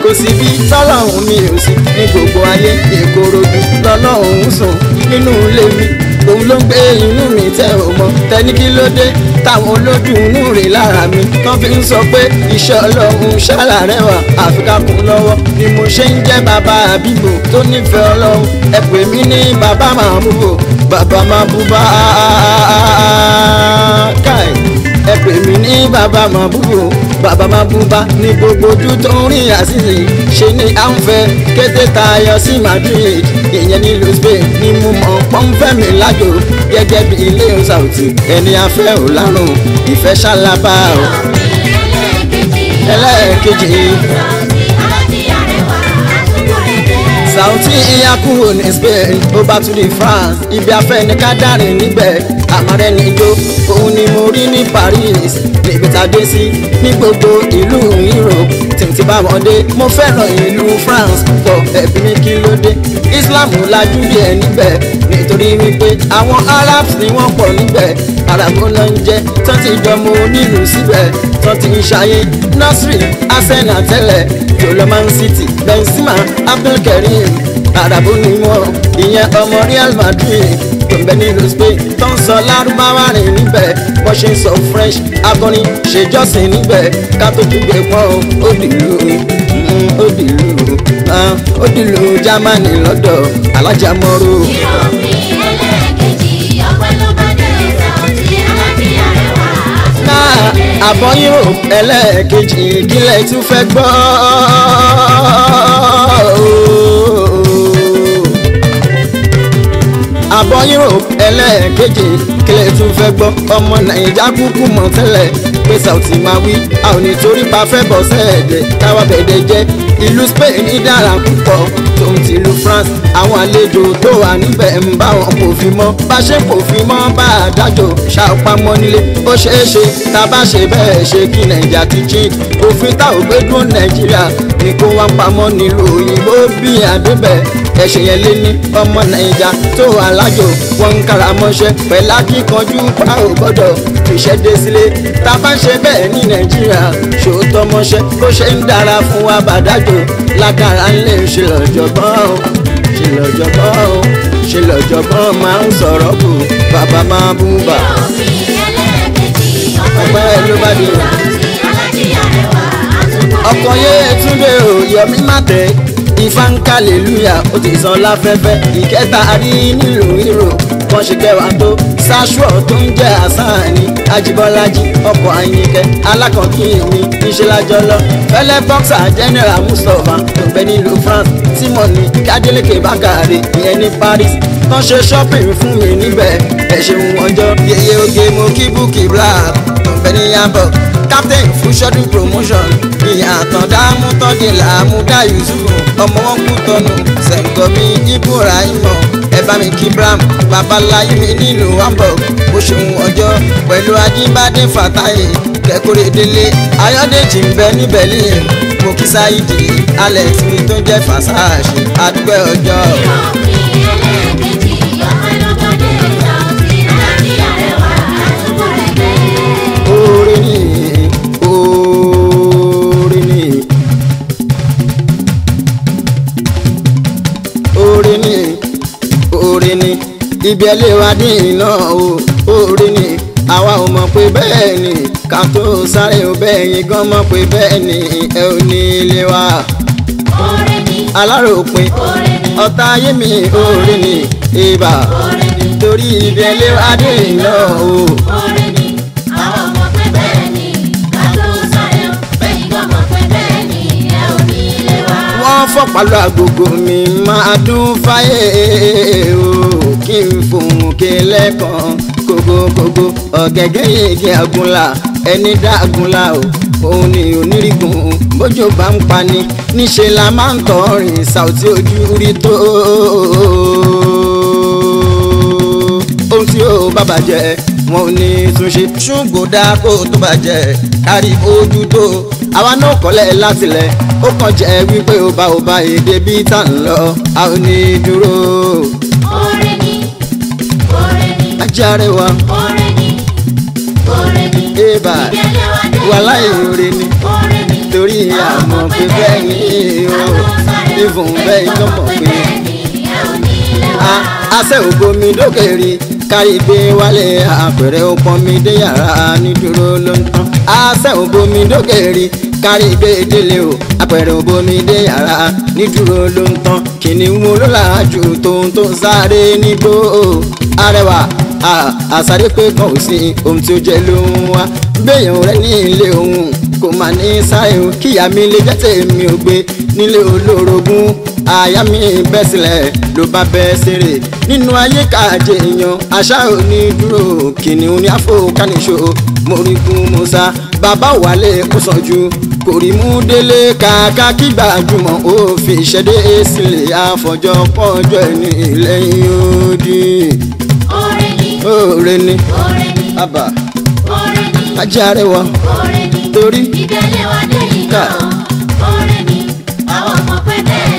kò síbi tọ́lọ́run mi ò sí ní gbogbo ayé Ìkòròdú lọ́lọ́run sùn nínú ilé mi òun ló ń gbé inú mi tẹ́ ò mọ̀ tẹ́ni kí ló dé táwọn olójúnú rè lára mi tán fi ń sọ pé iṣẹ́ ọlọ́run ṣáàlà rẹwà àfikà kún lọ́wọ́ ni mo ṣe ń jẹ́ bàbá àbíbò tó nífẹ̀ẹ́ ọlọ́run ẹ pè mí ní bàbá màmúbò bàbá màbúbà káì ẹ pè ní bàbá màbúrò bàbá màbúbá ní gbogbo ojú tó ń rìn àṣìṣe ṣe ni à ń fẹ́ kété tayọ sí Madrid ìyẹn nílùú Spain ni mo mọ̀ pọ́nfẹ́mi lájò gẹ́gẹ́ bí ilé Saoty ẹni afẹ́ ò lárùn ìfẹ́ ṣálábà o ẹlẹ́ẹ̀kejì. Saoty ìyàkúrò ní Spain ó bá tún di France ibi afẹ́ ní kádàrín níbẹ̀ àmọ́rẹ́ ní ijó òun ni mo rí ní Paris níbi tá a dé sí ní gbogbo ìlú Europe tìǹtì bá wọn dé mo fẹ́ràn ìlú France pọ̀ ẹ̀bí mi kí ló dé Islam lajú bí ẹ níbẹ̀ torí wípé àwọn Arabs ni wọ́n pọ̀ níbẹ̀ àràbò ló ń jẹ́ tán ti jọmọ onílù síbẹ̀ tán ti ń ṣayé Nasri Arsenal tẹ́lẹ̀ jọlọ Man City Benzema Abdulkarim àràbò ni wọ́n ìyẹn ọmọ Real Madrid tòǹbẹ̀ nílùú Spain tó ń sọ lárúbáwá rìn níbẹ̀ wọ́n ṣe ń sọ French akọni ṣèjọ́sìn níbẹ̀ ká tó tún gbé wọn ó dìlú mm, ó dìlú ah, ó dìlú Germany lọ́dọ̀ alájàmọ́rò. àbọ̀ europe ẹlẹ́ẹ̀kejì ìdílé tún fẹ́ gbọ́. àbọ̀ europe ẹlẹ́ẹ̀kejì ìdílé tún fẹ́ gbọ́ ọmọ nàìjà kúkú mọ̀ tẹ́lẹ̀ pé Saoty máa wí a ò ní torí pa fẹ́ bọ̀ sẹ́ẹ̀dẹ̀ káwa bẹ̀ẹ̀dẹ̀ jẹ́ ìlú Spain tún dára púpọ̀ tóun ti ìlú France àwọn àlejò tó wà níbẹ̀ ń bá wọn kò fi mọ́ bá ṣe kò fi mọ́ bá àdájọ́ ṣàpamọ́ nílé ó ṣeé ṣe tá a bá ṣe bẹ́ẹ̀ ṣe kí nàìjà ti jí òfin tá ò gbé dún nàìjíríà ni kó wá pamọ́ nílùú òyìnbó bí àdébẹ̀ ẹ̀ṣẹ̀ yẹn lé ní ọmọ nàìjà tó wà lájò wọn ń kára mọ́ṣẹ́ pẹ̀lú akíkanjú pa ò gbọ́dọ̀ ìṣẹ́ dé sílé tá a bá ṣe bẹ́ẹ̀ ní nàìjíríà lọ́dún lágbára ńlẹ ṣe lọ́jọ́gbọ́n o ṣe lọ́jọ́gbọ́n o ṣe lọ́jọ́gbọ́n máa ń sọ̀rọ̀ kù bàbá máa bú bà. ọgbà ẹ ló bá dé. ọkọ yéé túnde o yọmí má tẹ ifá ń kálẹ̀ ó ti sọ láfẹ́fẹ́ ìkẹta àrí nílùú ìrò wọ́n ṣe kẹwàá tó sasuọ tó ń jẹ́ àsáàní ajibọlájí ọkọ̀ àyìnkẹ́ alákọ̀ọ́kì mi ìṣẹ́lájọ́ lọ fẹ́lẹ́ bọ́ksà general mustapha tó bẹ nílùú france tímọ̀nì kádélékè bakari, ìyẹn ní paris tán ṣe shopping fún mi níbẹ̀ ẹ ṣeun ọjọ́ yeye oge mo kí búkì black tó bẹ ní yàbọ̀ captain fún ṣọ́dún promotion ìyàtọ̀ dáàmú tọ́jú làámú dá yusuf ọmọ wọn kú tọ́nu sẹ̀ńgọ́mí ibrahim ẹ mi kí bram babaláyé mi nílùú hamburg mo ṣòun ọjọ́ pẹ̀lú ajíbádé fàtáyé kẹkọrẹ délé ayọ̀dèjì ń bẹ ní berlin mo kí sáyidì alex mi tó jẹ́ fàṣàṣì adúgbò ọjọ́. ṣe ni ibi ẹlẹ́wàdí náà o oore ni àwa ò mọ̀ pé bẹ́ẹ̀ ni ká tó sáré o bẹ́ẹ̀ yín gan mọ̀ pé bẹ́ẹ̀ ni ẹ ò ní ilé wa. aláròpin ọ̀tá ayé mi oore ni ibà torí ibi ẹlẹ́wàdí náà o. fọ̀pálọ̀ agogo mi máa dún fáyé o kí n fòun ké lẹ́kàn kókókókó ọ̀gẹ̀gẹ̀ yege àgúnlá ẹni dá àgúnlá o òun ni onírígun bójú bá ń pani níṣe la máa ń tọrin Saoty ojú rí tó ohun tí ó bá bàjẹ́ wọn ò ní túnṣe ṣùgbọ́n dá kó tó bàjẹ́ kárí ojú tó àwa náà kọ́lẹ̀ látilẹ̀ ó kàn jẹ́ wípé ó bá ó bá èdè bí tá ń lọ a ò ní dúró. oore ni oore ni ajáre wa oore ni oore ni eba wàhálà ìhòòrè ni oore ni torí àmọ̀ pé bẹ́ẹ̀ ni ìfún bẹ́ẹ̀ tó mọ̀ pé àṣẹ ògbómi dókè rí kárí gbé wálé àpẹẹrẹ ó pọn dé yàrá nídúró ló ń tán. dókè rí kárí gbé délé o apẹ̀rẹ̀ bomi dé yàrá nídúró ló ń tán kìnìún olólàájú tóun tó ń sáré nígbó arẹwà àsáré pé kan ò sí ohun tí ó jẹ ló ń wá gbẹ̀yàn rẹ ní ilé òun kò mà ní sáré o kíyà mi lè jẹ́ tèmi ò gbé nílé olórogún àyà mi bẹ́ sílẹ̀ ló bá bẹ́ sèrè nínú ayé káàdé èèyàn àṣà ò ní dúró kìnìún ní àfọ̀kánìṣó mo rí gún mo bàbá wálé kó sànjú kò rí mú délé kàkà kí gbajúmọ̀ ó fi ṣẹ́dé sílẹ̀ àfọ̀jọ́ pọ́jọ́ ẹni lẹ́yìn odi. ọ̀rẹ́ ni ọ̀rẹ́ ni ọ̀rẹ́ ni àbà ọ̀rẹ́ ni ajá rẹwà ọ̀rẹ́ ni torí ìdẹ́lẹ́wà dẹ́yìn náà ọ̀rẹ́ ni àwọn ọmọ pẹ́ẹ́tẹ́.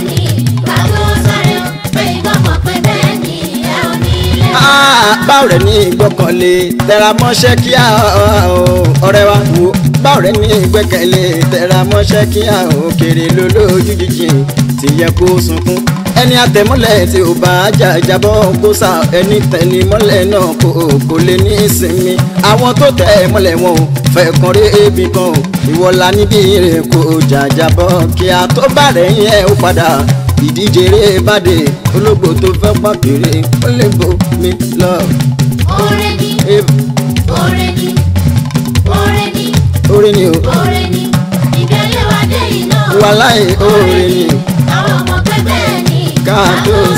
báwo rẹ̀ ní ìgbọ́kànlé tẹra mọ́ṣẹ́ kíá ọ̀rẹ́ wa wò báwo rẹ̀ ní ìgbẹ́kẹ̀lé tẹra mọ́ṣẹ́ kíá òkèrè lólójú jíjìn ti yẹ kó sunkún ẹni àtẹ̀mọ́lẹ̀ tí ò bá jàjàbọ́ kó sá ẹni tẹ̀lé mọ́lẹ̀ náà kò kò lè ní ìsinmi àwọn tó tẹ̀ mọ́lẹ̀ wọn ò fẹ́ kan rí ebi kan ìwọ̀la níbi rẹ̀ kò jàjàbọ́ kí a tó bá rẹ̀ yẹn ó padà ìdíje eré bàdé ológbò tó fẹ́ pàbèrè ó lè bo mi lọ. oore ni oore ni oore ni oore ni oore ni ìgbẹ́lẹ̀ wa dé iná. wàláì oore ni àwọn ọmọ pẹ́pẹ́ ni ká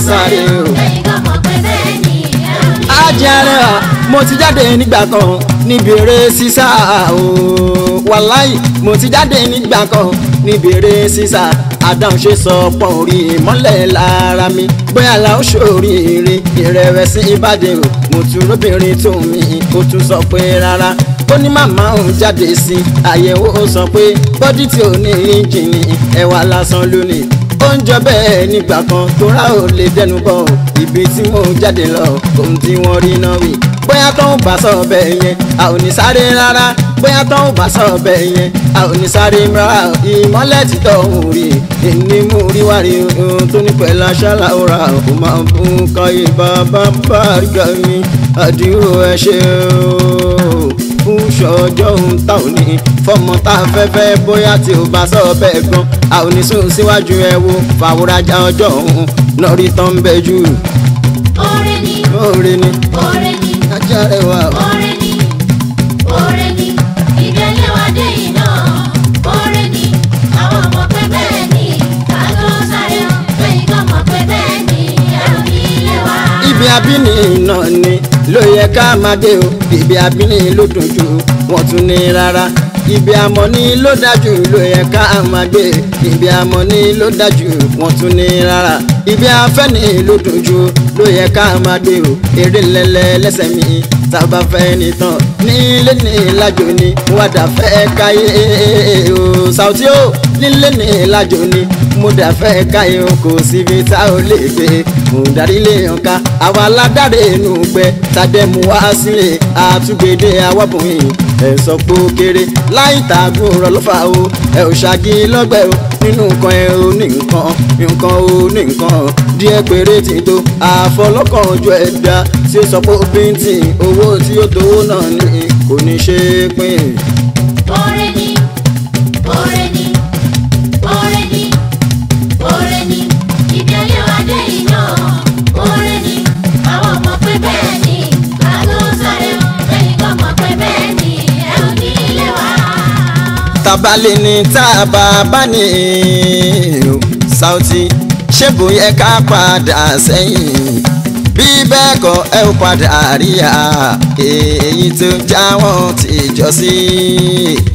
sáré o. ẹ̀yin kan mọ̀ bẹ́ẹ̀ ni ẹ̀rù mi. ajẹ́rẹ́ mo ti jáde nígbà kan níbi eré sísá o wàláì mo ti jáde nígbà kan níbèrè sísà àdáhùnṣe sọ pọ̀ orí ìmọ́lẹ̀ lára mi bóyá la ó ṣòríire ìrẹ̀wẹ̀sì ìbàdàn mo tún lóbìnrin tó mi ó tún sọ pé rárá ó ní màmá òun jáde sí àyẹ̀wò ó sọ pé bọ́dí tí ò ní ìjìnì ẹ̀wà lásán lónìí ó ń jọ bẹ́ẹ̀ nígbà kan tó rà ó lè dẹnu bọ̀ ibi tí mò jáde lọ ohun tí wọ́n rí náà wì bóyá tó ń bá sọ bẹ́ẹ̀ yẹn a ò ní sáré rárá bóyá tó ń bá sọ bẹ́ẹ̀ yẹn a ò ní sáré rárá ìmọ́lẹ̀ ti tọ̀ ń rí èmi mú rí wá ohun tó ní pẹ̀lú aṣálà òra kò máa ń fún káyé bàbá bá rí gàmí àdúró ẹ ṣe fún ṣọjọ́ ohun tá ò ní fọmọ tá a fẹ́ fẹ́ bóyá tí o bá sọ bẹ́ẹ̀ gan a ò ní sùn síwájú ẹ wo fàwòrajà ọjọ́ òun lọ́rí tán bẹ́ẹ̀ jù. oore ni oore ni oore ni ajá rẹwà. oore ni oore ni ìdẹ́lẹ̀ wa dé iná oore ni àwọn ọmọ pẹ́ bẹ́ẹ̀ ibi abíní náà ni ló yẹ o ibi abíní ló dùn jù wọ́n tún ní rárá ibi àmọ́ ni ló dájú ló yẹ ká máa gbé ibi àmọ́ ni ló dájú wọ́n tún ní rárá ibi afẹ́ni ló dojú ló yẹ ká máa dé o eré lẹ́lẹ́ lẹ́sẹ̀ mi sábà nìtàn nílé ní ni wàdà fẹ́ káyé o Saoty o nílé ní ni mo dà fẹ́ káyé o kò síbi tá ò lè gbé mo darí lè yàn ká àwa aládàrẹ́ inú gbẹ tàdé wá sílé àtúgbèdè àwọ̀bùnrin ẹ sọ pé ó kéré láì tààgùn ọ̀rọ̀ ló fà o ẹ ò ṣáàgì lọ́gbẹ̀ẹ́ o nínú nǹkan ẹ ò ní nǹkan nǹkan ò ní nǹkan díẹ̀ péré ti tó àfọlọ́kàn ojú ẹ̀dá tí ó sọ pé ó bíntín owó tí ó dowó náà ní kò ní ṣe é pín. orin ni balẹ̀ ní tá a bá bá ní Saoty ṣé kò yẹ ká padà sẹ́yìn bí bẹ́ẹ̀ kọ́ ẹ ó padà ríyà èyí tó jáwọ́ ti jọ sí.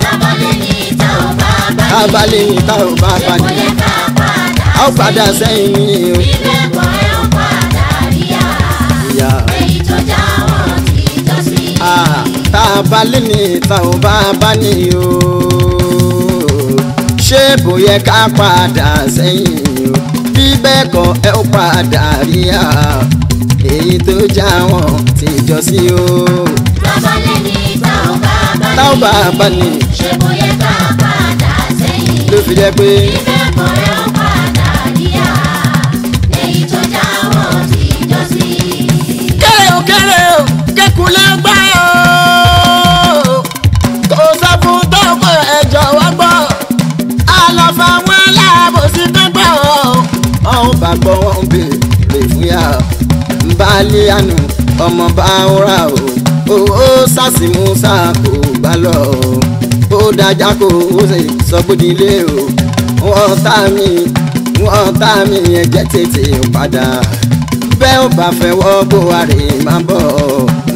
tábàlẹ̀ ní tá ò bá bá ní tábàlẹ̀ ní tá ṣé kò yẹ ká padà sẹ́yìn. bí bẹ́ẹ̀ kọ́ ẹ ó padà ríyà èyí tó jáwọ́ ti jọ sí. tábàlẹ̀ ní tá ò bá bá ní o ṣé kò yẹ ká padà sẹ́yìn o bí bẹ́ẹ̀ kọ́ ẹ ó padà rí a èyí tó já wọn ti jọ sí o. bàbá lẹ́yìn táwọn bàbá ni táwọn bàbá ni ṣé kò yẹ ká padà sẹ́yìn ló bí bẹ́ẹ̀ kọ́ ẹ ó padà rí a èyí tó já wọn ti jọ sí. kéré o kéré o kékulé gbá o kò sọ fún tọkọ ẹjọ wá gbọ́ àwọn aláàbòsí kan gbọ́ ọ̀hún bá gbọ́ wọn béèrè fún yà balẹ̀ àánú ọmọ bá wúrà o ó sàṣì musa kò bá lọ ó dájà kó o ṣe sọgbódìlé o wọ́n tá mi wọ́n tá mi ẹ̀jẹ̀ tètè padà bẹ́ ò bá fẹ́ wọ́ bó wa rè má bọ̀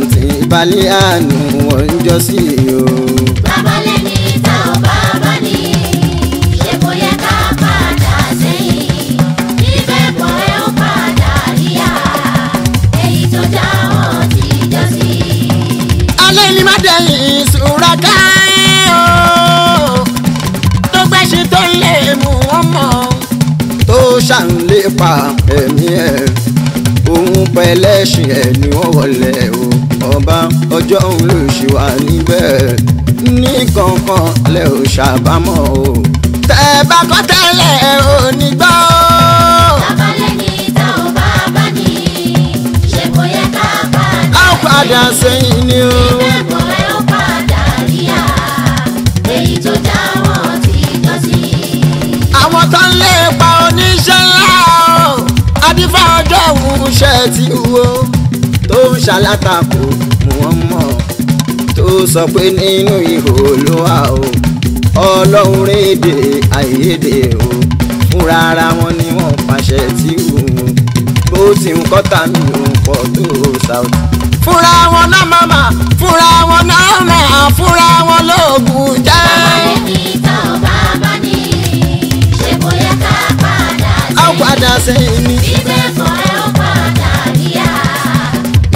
ntì balẹ̀ àánú wọ́n ń jọ sí i o. bàbá nípa ẹ̀mí ẹ̀ òun pẹlẹ́ṣin ẹ̀ ni wọ́n wọlé o ọba ọjọ́ òun ló ṣì wà níbẹ̀ ní kankan lẹ ò ṣàbámọ̀ o tẹ bá kọ́ tẹ́lẹ̀ ò ní gbọ́. tábàlẹ̀ ni tá ò bá bá ní ṣe kò yẹ ká padà sẹ́yìn ni o. ìbẹ́ bá. adífá ọjọ́ òun ti wo tó ń ṣalátakò wọ́n mọ̀ tó sọ pé nínú ihò ló wà o ọlọ́run rédè àìyedè o fúnra ara wọn ni wọ́n pàṣẹ tí òun bó ti ń kọ́ta mi ò ń pọ̀ tó Saoty. fúnra wọn náà màmá fúnra wọn náà màá fúnra wọn lóògùn jẹ́. padà sẹ́yìn mi. ìgbẹ́fọ́ ẹ ó padà níyà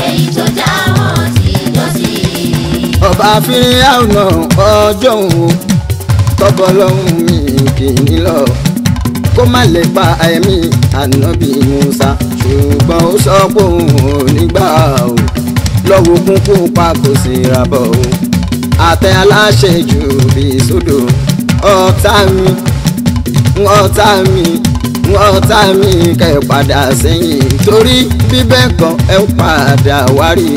èyí tó já wọn ti lọ sí. ọba fínrin àwọnà ọjọ́ òun tọ́bọ̀ lọ́hùn mi kì í nílọ kó má lè pa ẹ̀mí ànábì Musa ṣùgbọ́n ó sọ pé òun ò nígbà o lọ́wọ́ kúnkún pa kò sí rabọ̀ o àtẹ aláṣẹ jù bíi sódò ọ̀tá mi ọ̀tá mi wọ́n tá mi kẹ́ padà sẹ́yìn torí bíbẹ́ kan ẹ ń padà wárí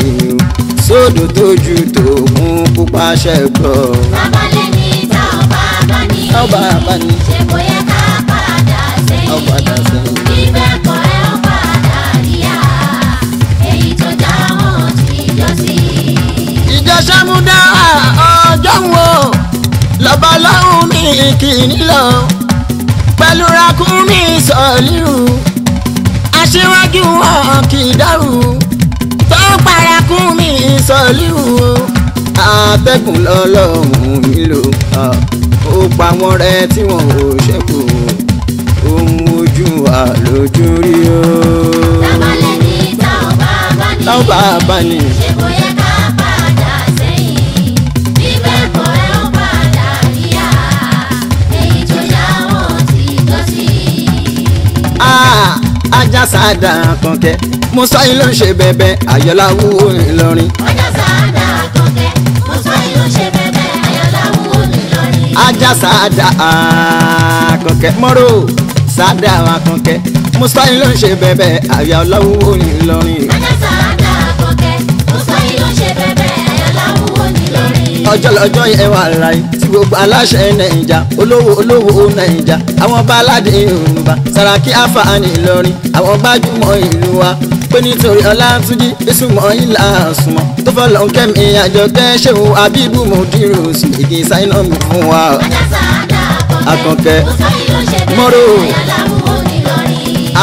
sódò tójú tó mú pupa ṣẹ́gbọ́. babalẹ̀ ní tá ọba bá ní ọba bá ní ṣe kò yẹ ká padà sẹ́yìn bíbẹ́ kan ẹ ń padà ríyà èyí tó já wọn ti jọ sí. ìjọ sẹ́mu dá ọjọ́ wo lọ́ba lọ́hùn ní kì í nílò pẹ̀lú ràkúnmí sọ̀lírù aṣíwájú wọn kì í dárú tó ń pa ràkúnmí sọ̀lírù o àtẹ̀kùn lọ́lọ́run mi lò ó pa wọ́n rẹ tí wọ́n ò ṣẹ́kù ohun ojú wa lójú rí o. tábàlẹ̀ ní táwọn bá bá ní. táwọn bá ní. ajásàdà kọ̀kẹ́ musa yìí ló ń ṣe bẹ̀bẹ̀ ayọ̀láwù ìlọrin. ajásàdà kọ̀kẹ́ musa yìí ló ń ṣe bẹ̀bẹ̀ ayọ̀láwù ìlọrin. ajásàdà kọ̀kẹ́ mọ́rò sàdà kọ̀kẹ́ musa yìí ló ń ṣe bẹ̀bẹ̀ ayọ̀láwù ìlọrin. ọjọ́ lọ́jọ́ yẹn wà láyé tí gbogbo aláṣẹ nàìjà olówó olówó nàìjà àwọn báládé yorùbá sàràkí àfààní ìlọrin àwọn gbajúmọ̀ ìlú wa pé nítorí ọlátúnjí ìsúnmọ́ ìlà àsùnmọ́ tó fọlọ́ ń kẹ́mi àjọkẹ́ ṣéun abíbù mòdìrò sùn èdè sáínà mi fún wa. akọ̀kẹ́ mọ́rò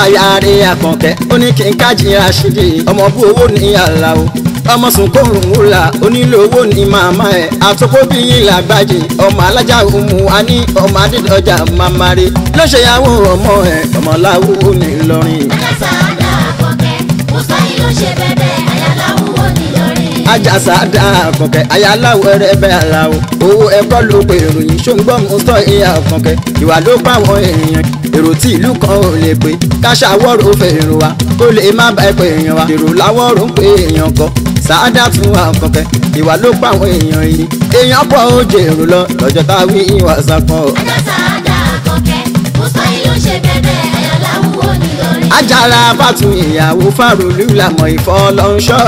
ayáre akọ̀kẹ́ ó ní kí n kájìra ṣídìí ọmọ bú owó ní àlàó ọmọ sùnkóòrùn wúrà onílòwò ní màmá ẹ̀ àtòkóbìnrin làgbàjì ọmọ alájà òmù àní ọmọ adídọjà mamari lọ́sẹ̀yàwó ọmọ ẹ̀ ọmọláwù òní lọ́rin. ajásá àdá àkọkẹ́ musa yìí ló ṣe bẹbẹ ayaláwù òní lọ́rin. ajásá àdá àkọkẹ́ ayaláwù ẹrẹbẹ aláwù owó ẹkọ ló pe ìròyìn ṣóńgbọ́n mọ́tò ìyá àkọkẹ́ ìwà ló pa àwọn èèyàn èrò tí ìlú kan ò lè pé káṣà wọ́ọ̀rù fèrè wa kó lè má bá ẹ pé èèyàn wa èrò láwọ́ọ̀rù ń pé èèyàn kan Sàádàtù Àkànkẹ́ ìwà ló pa àwọn èèyàn yìí èèyàn pọ̀ ó jèrò lọ lọ́jọ́ tá a wí ìwà sàpọ̀. ẹjọ́ Sàádà Àkànkẹ́ mo sọ yìí ló ṣe bẹ̀bẹ̀ ẹ̀yà láwùwọ́ nìlọrin. ajára fàtú ìyàwó fàrúlù làmọ̀ ìfọ́ lọ́nṣọ́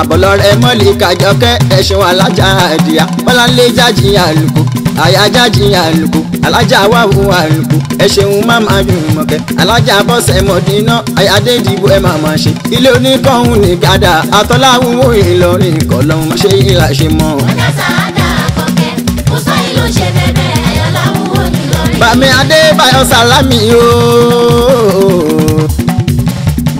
àbọ̀lọ́rẹ́ mọ́lì kàjọkẹ́ ẹ̀ṣọ́ alájà àdìyà bọ́láńlé jájì àlùkò àyà àlùkò alájà wà wù àrìnkù ẹ ṣeun má máa yùn mọ̀kẹ́ alájà bọ́sẹ̀ mọ̀dínà àyàdé ìdìbò ẹ máa máa ṣe ilé oníbọ̀hún ní gàdá àtọ́láwùwò ìlọrin kọ̀lọ́hún má ṣe ìlà ṣe mọ́. ọjà sáadà àkọ́kẹ́ mo sọ ìlú ṣe bẹ́ẹ̀ ayọ̀láwùwò bàmí adébáyọ̀ sàlámì ooo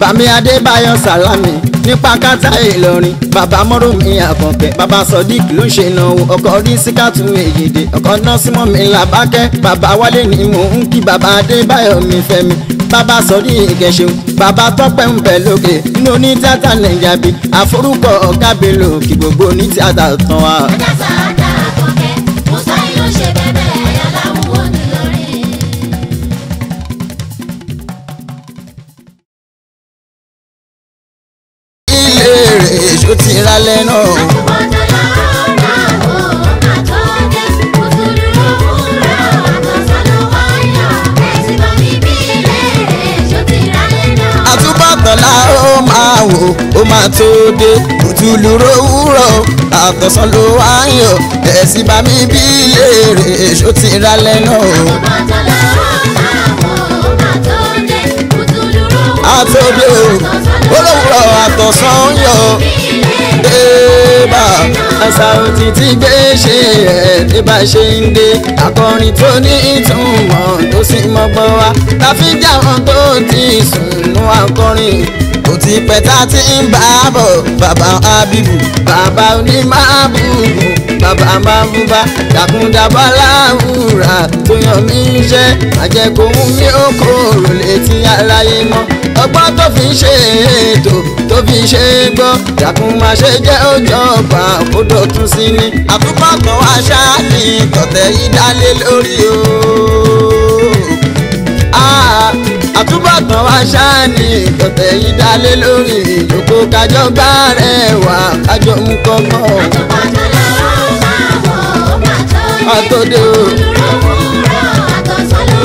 bàmí adébáyọ̀ sàlámì ní pàkátà ìlọrin bàbá mọ́rùmí àkànkẹ́ bàbá sodiq ló ń ṣe ìnáwó ọkọ̀ rí síkàtú èyíde ọkọ̀ nọ́símọ́ mi làbákẹ́ bàbá wálé ni mò ń kí bàbá adébáyọ̀ mi fẹ́mi bàbá sọ̀rí ìgẹ̀ṣeun bàbá tọ́pẹ́ ń bẹ̀ lókè nínú oní tíátà nàìjíríà bíi àforúkọ ọ̀gá bèlò kí gbogbo oní tíátà tán wá. ẹ dá sáà. ó ti ra lẹ́nu. àtúbọ̀tọ̀lá ó máa wò ó máa tó dé òtúlù rówúrọ̀ àtọ̀sán ló wá ń yọ ẹ̀sìn bá mi bí léèrè èso ti ra lẹ́nu. àtúbọ̀tọ̀lá àtòdè olówùrọ̀ àtọ̀sán ń yọ. Oh. Sàòtì ti gbé ṣe rẹ̀ ní bá ṣe ń dé akọrin tó ní ìtumọ̀ tó sì mọ́gbọ́n wá láfi jáwọn tó ti sùnú akọrin kò ti pẹ́ tá a ti ń bá a bọ̀ bàbá Abibu bàbá onímàbùbù bàbá mábúbá dàkúndàbọ̀ láwùrà tó yàn mí iṣẹ́ àjẹkòhun mi ò kò rò létí aráyé mọ́ ọgbọ́n tó fi ṣe ètò tó fi ṣe gbọ́ dàkún jẹ́ ọjọ́ pa ó ló tún sí ni àtúbọ̀ kan wá ṣáá ní tọ̀tẹ̀ yìí dálé lórí o. àtúbọ̀ kan wá ṣáá ní tọ̀tẹ̀ yìí dálé lórí ìjókòó kájọ gbá rẹ̀ wá kájọ mú kọ́kọ́. àtúbọ̀ kan lọ rán máa wọ̀ ọ́ bàtọ́ yìí. àtòdè o. rògbòrò àtọ̀sọ́lọ́.